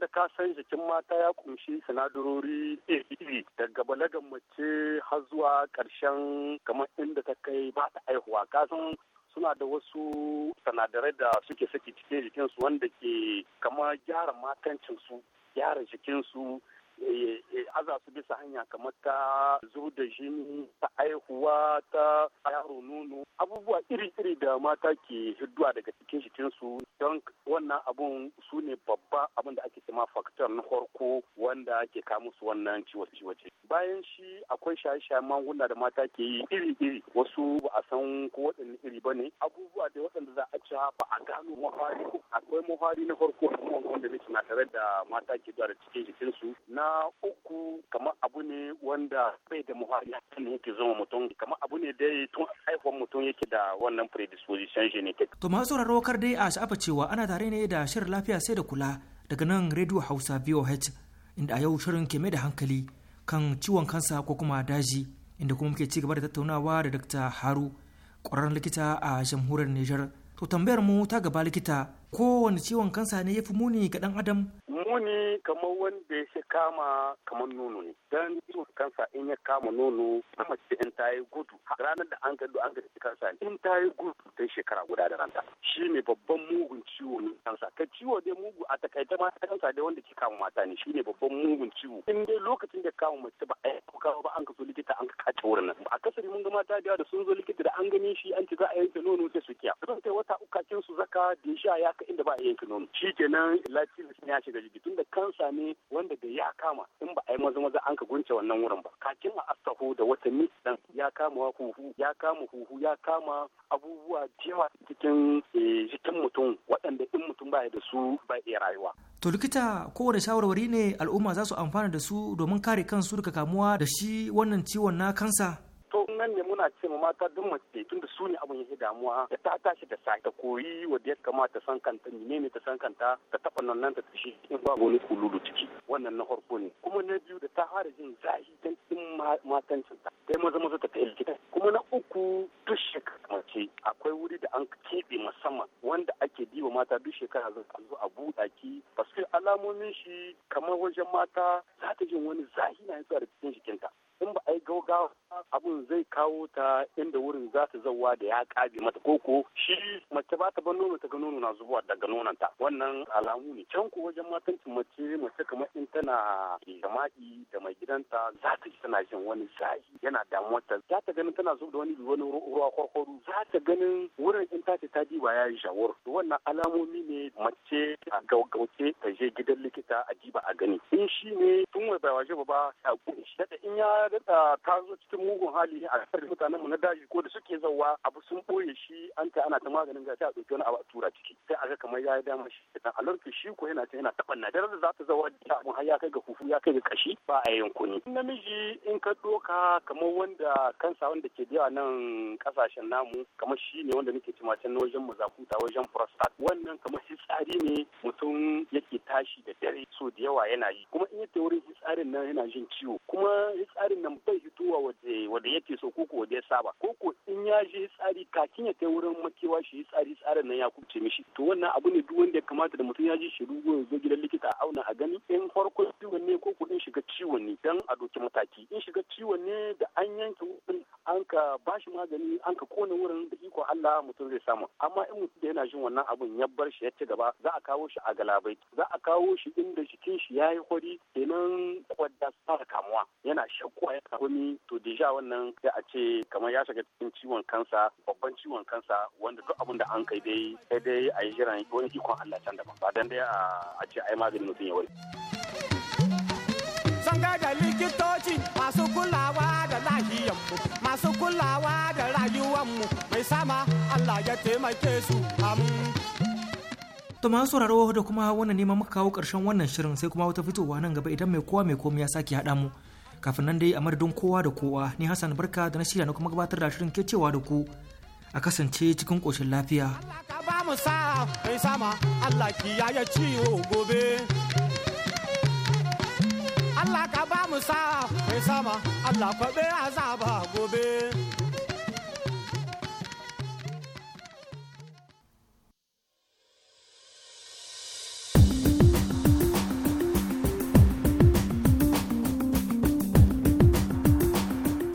da ka san jikin mata ya kumshi sinadarori iri daga balagan mace har zuwa karshen kamar inda ta kai ba ta aihuwa ka san suna da wasu sinadarai da suke saki cikin jikinsu wanda ke kamar gyara matancinsu gyara jikinsu Eh, eh, aza su bisa hanya kamar ta zo da jini ta aihuwa ta yaro nono abubuwa iri-iri da mata ke hidduwa daga cikin shi su don wannan abun su ne babba abin da ake cema faktor na farko wanda ke kamu su wannan ciwace-ciwace bayan shi akwai shaye-shayen magunguna da mata ke yi iri-iri wasu ba a san ko waɗanne iri ba ne abubuwa da waɗanda za a ci ba a gano mafari akwai mafari na farko wanda nake na tare da mata ke da cikin jikinsu na uku kamar abu ne wanda bai da muhalli ne yake zama mutum kamar abu ne dai tun haihuwar mutum yake da wannan predisposition genetic. To masu sauraro kar dai a sha'afa cewa ana tare ne da shirin lafiya sai da kula daga nan Radio Hausa VOH inda a yau shirin ke mai da hankali kan ciwon kansa ko kuma daji inda kuma muke ci gaba da tattaunawa da Dr. Haru ƙwararren likita a jamhuriyar niger To tambayar mu ta gaba likita kowane ciwon kansa ne ya fi muni ga ɗan adam? Muni kamar wanda ya shi kama kamar nono ne. Dan ciwon kansa in ya kama nono, ta mace in ta yi gudu. Ranar da an gado an gado kansa in ta yi gudu ta shekara guda da ranta. Shi ne babban mugun ciwo ne kansa. Ka ciwo dai mugu a takaita mata kansa dai wanda ke kama mata ne. Shi ne babban mugun ciwo. In dai lokacin da kama mace ba a yi kawo ba an ka zo likita an ka kace wurin nan. A kasari mun ga mata da sun zo likita da an gani shi an ci za a yanke nono sai su kiya. Zan kai wata uku kakin su zaka da ya sha ya inda ba a yanke nono shi kenan lafiya ya shiga jiki da kan ne wanda da ya kama in ba a yi maza maza an ka gunce wannan wurin ba kakin a asaho da watanni dan ya kama huhu ya kama huhu ya kama abubuwa jewa cikin eh, jikin mutum waɗanda in mutum ba da su ba iya rayuwa To likita kowane shawarwari ne al'umma za su amfana da su domin kare kansu daga kamuwa da shi wannan ciwon na kansa? to nan ne muna ce mata duk mace tunda su ne abin yake damuwa da ta tashi da sai ta koyi wanda ya kamata san kanta ne ne ta san kanta ta taba nan nan ta tashi in babu wani kululu ciki wannan na farko ne kuma na biyu da ta fara jin zahi dan din matancin ta sai maza maza ta kai likita kuma na uku duk shekara mace akwai wuri da an keɓe musamman wanda ake diba mata duk shekara zan zo a buɗa ki paske alamomin shi kamar wajen mata za ta jin wani zahi na yanzu a cikin jikinta in ba a yi gaugawa abun zai kawo ta inda wurin za ta zauwa da ya kabe mata koko shi mace ba ta ban ta ga nono na zubowa daga ta. wannan alamu ne can ko wajen matancin mace mace kamar in tana jama'i da mai gidanta za ta tana jin wani shayi yana ta za ta ganin tana zuba da wani wani ruwa kwarkwaro za ta ganin wurin in ta ce ta diba ya yi shawar wannan alamomi ne mace a gaugauce ta je gidan likita a diba a gani in shi ne tun wai bai waje ba ba a in ya daɗa ta zo cikin mugun hali a kasar mutanenmu na daji ko da suke zauwa abu sun ɓoye shi an ta ana ta maganin gashi a ɗauki wani abu a tura ciki sai aga kamar ya yi dama shi a alarki shi ko yana ta yana taɓa na da za ta zauwa da abun har ya kai ga fufu ya kai ga kashi ba a yankuni. Namiji in ka ɗoka kamar wanda kansa wanda ke da yawa nan kasashen namu kamar shi ne wanda nake cima can wajen mazakuta wajen prostate wannan kamar fitsari ne mutum yake tashi da dare so da yawa yana yi kuma in ya wurin fitsarin nan yana jin ciwo kuma fitsarin nan bai hituwa wadda yake so ko wadda ya saba ko in ya je tsari kakin ya kai wurin makewa shi tsari tsarin nan ya kubce mishi to wannan abu ne duk wanda ya kamata da mutum ya ji shi rugo ya gidan likita a auna a gani in farko ciwon ne ko in shiga ciwon ne dan a doki mataki in shiga ciwon ne da an yanke wurin an ka bashi magani an ka kone wurin da iko Allah mutum zai samu amma in mutum da yana jin wannan abun ya bar shi ya ci gaba za a kawo shi a galabai za a kawo shi inda jikin shi ya yi hori kenan kwadda sa kamuwa yana shakku kawai ya ni to deja wannan sai a ce kamar ya shiga cikin ciwon kansa babban ciwon kansa wanda duk abin da an kai dai sai dai a yi jiran wani ikon Allah can daban ba dan dai a ce ai maganin mutum ya warke. Sun da likitoci masu kulawa da lahiyanmu masu kulawa da mu mai sama Allah ya taimake su amin. To masu sauraro da kuma wannan neman muka kawo ƙarshen wannan shirin sai kuma wata fitowa nan gaba idan mai kowa mai komai ya sake haɗa mu. kafin nan dai a madadin kowa da kowa ni Hassan Barka da na shirya na kuma gabatar da shirin cewa da ku a kasance cikin koshin lafiya. Allah ka ba mu sa'a mai sama Allah ciwo gobe. Allah ka ba mu sa mai sama Allah azaba gobe.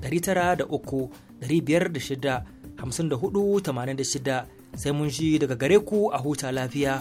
9,500,6,54,86 sai mun ji daga gare ku a huta lafiya.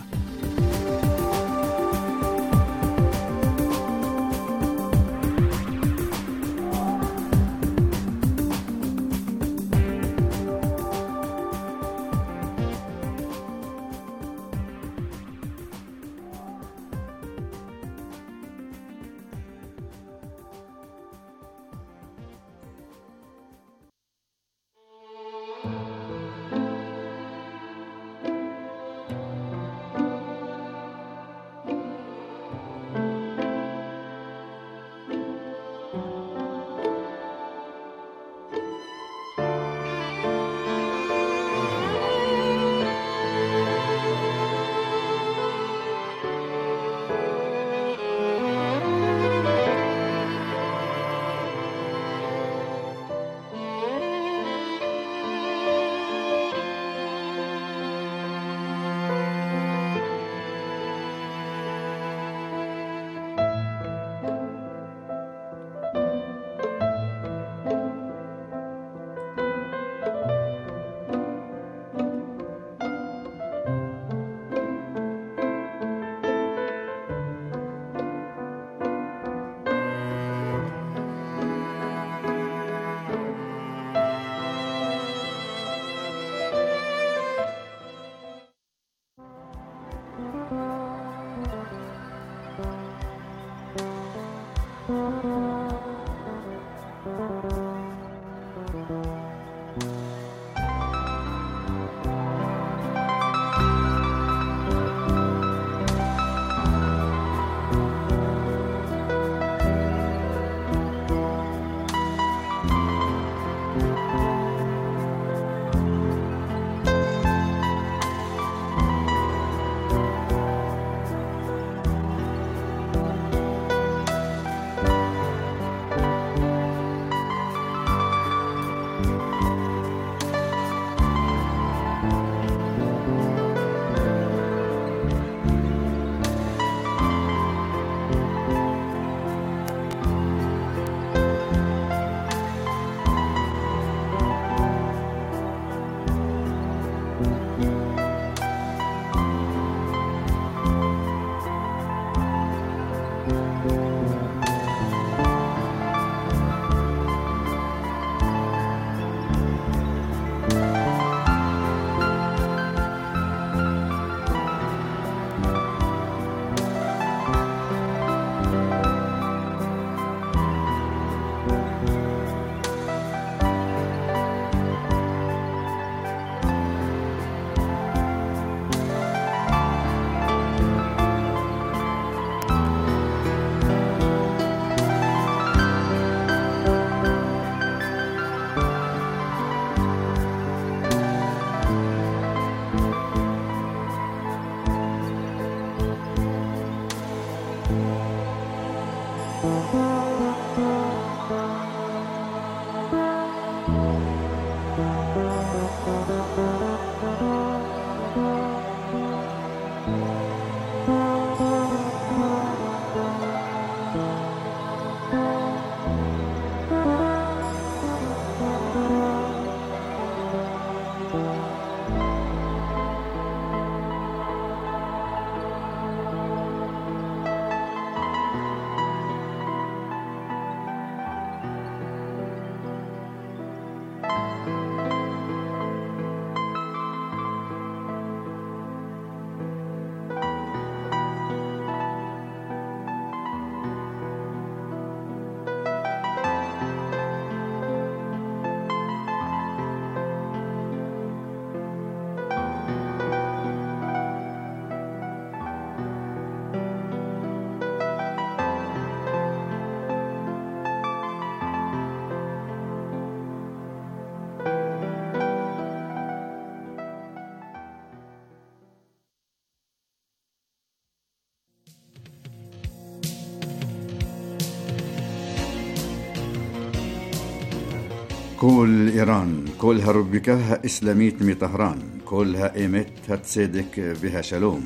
كل إيران كلها ربكها إسلاميت مي طهران كلها إيمت هتصدق بها شلوم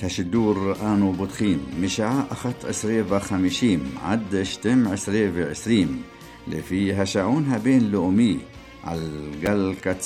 تشدور آنو بطخيم مشاعة أخت أسريفا خمشيم عد شتم أسريفا عسريم لفيها شعونها بين لؤمي على القلقة